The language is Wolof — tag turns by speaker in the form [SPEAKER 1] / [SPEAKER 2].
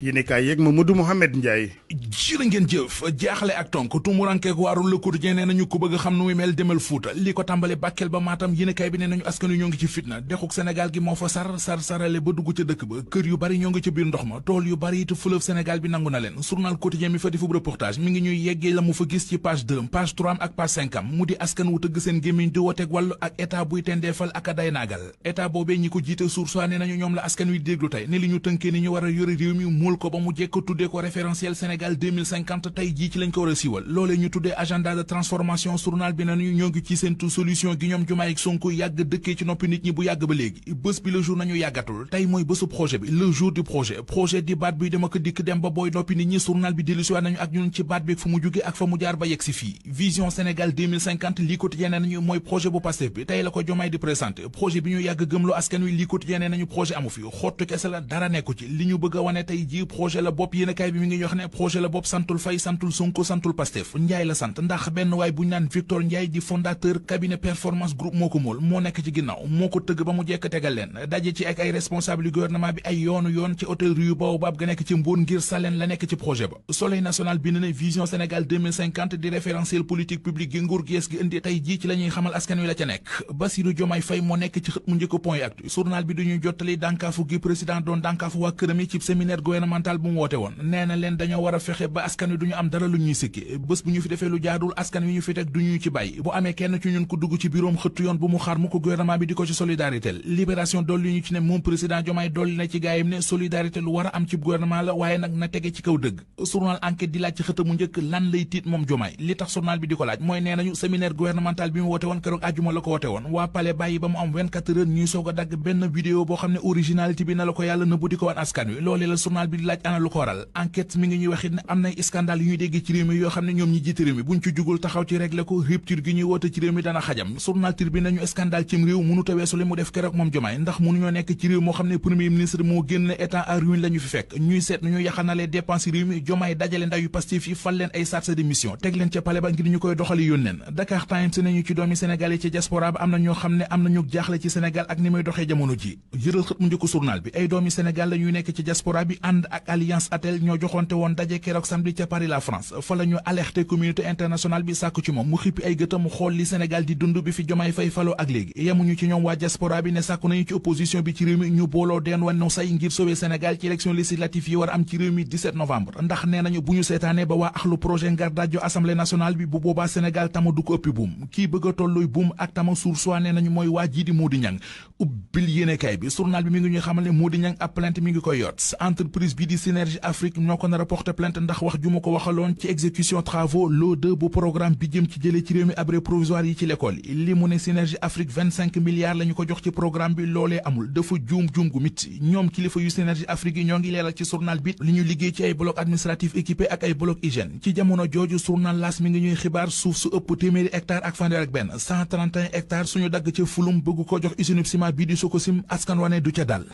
[SPEAKER 1] yéen kaay yeeg Mamadou Mouhamed Ndiaye. jërë ngeen jëf jaaxle ak tonk tumurankeek waarul Le Quotidien nee nañu ku bëgg xam nu muy mel demal Fuuta li ko tàmbale Bakel ba Matam yéen bi nee nañu askan wi ñoo ngi ci fitna dexuk Sénégal gi moo fa sar ba dugg ca dëkk ba kër yu bari ñoo ngi ca biir ndox ma tool yu bari te fleuve Sénégal bi nangu na leen journal Quotidien mi fa difub reportage mi ngi ñuy yeggee la mu fa gis ci page 2 page 3 a day ko jiite sursoi nee nañu ñoom la askan wi déglu tey mool ko ba mu jekk tuddé ko référentiel Sénégal 2050 tay ji ci lañ ko war a lolé ñu tuddé agenda de transformation journal bi nañu ñoo ngi ci tout solution gi ñom Diomaye ak sonku yàgg dëkkee ci nopi nit ñi bu yàgg ba légui bés bi le jour nañu yàggatul tay moy bésu projet bi le jour du projet projet di baat bi dama ko dikk dem ba boy nopi nit ñi journal bi dellusiwaat nañu ak ñun ci baat bi fu mu jóge ak fa mu jaar ba yegg fi vision Sénégal 2050 li quotidien nee nañu moy projet bu passé bi tay la ko Diomaye di présenter projet bi ñu yàgg gëmloo askan wi li quotidien nañu projet amu fi xottu kese la dara nekku ci li ñu bëgg wone tay ji projet gi nguur gees gi indi tey jii ci la xamal askan wi la ca nekk Bassirou Diomaye Faye moo nekk ci xët mu njëkk point actu journal bi duñuy jottali dànkaafu gi président doon dànkaafu waa këram yi ci séminaire gouvernement gouvernementale bu mu woote woon nee na leen dañoo war fexe ba askan wi du am dara lu ñuy sikki bés bu ñu defee lu jaadul askan wi ñu fi teg du ci bàyyi bu amee kenn ci ñun ku dugg ci biiroom xëttu yoon bu mu xaar mu ko gouvernement bi di ko ci solidarité libération dolli ñu ci ne moom président Diomaye dolli na ci gaayam ne solidarité lu war a am ci gouvernement la waaye nag na tege ci kaw dëgg journal enquête di laaj ci xëtamu njëkk lan lay tiit moom Diomaye di la ñu fi fekk ñuy seet nu ñu yaxanalee dépense réew mi Jomaay dajale ndaw yu Pastef yi fal leen ay chargé de mission teg leen ca palais ba ngir ñu koy doxali yónneen Dakar Times nañu ak ni muy doxee jamono ji jëral xët mu njëkk journal bi ay doomi Sénégal la nekk ci diaspora bi ànd ak alliance atel ñoo joxonte woon daje keroog samedi ca Paris la France fa la ñu alerté communauté internationale bi sàkku ci moom mu xippi ay gëtam xool li Sénégal di dund bi fi jomaay fay falo ak léegi yemuñu ci ñoom waa diaspora bi ne sàkku nañu ci opposition bi ci réew mi ñu booloo deen wannu say ngir sauver Sénégal ci élection législative yi war am ci réew mi 17 novembre ndax nee nañu bu ñu seetaane ba waa axlu projet ngar dajjo assemblée nationale ko ëppi buum entreprise bi di Synergie Afrique ñoo ko nar plainte ndax wax ju ko waxalon ci exécution travaux lot 2 bu programme bi jëm ci jëlee ci réew mi abré provisoire yi ci l'école li mu né Synergie Afrique 25 milliards lañu ko jox ci programme bi lolé amul defu joom joom gu mit ñom kilifa yu Synergie Afrique yi ñoo ngi leeral ci journal bi li ñu liggéey ci ay bloc administratif équipé ak ay bloc hygiène ci jamono joju journal L'As mi ngi ñuy xibaar suuf su ëpp hectares ak fanweer ak ben 131 hectares suñu dagg ci fulum bëgg ko jox usine ciment bi di Sokosim askan wane du ca dal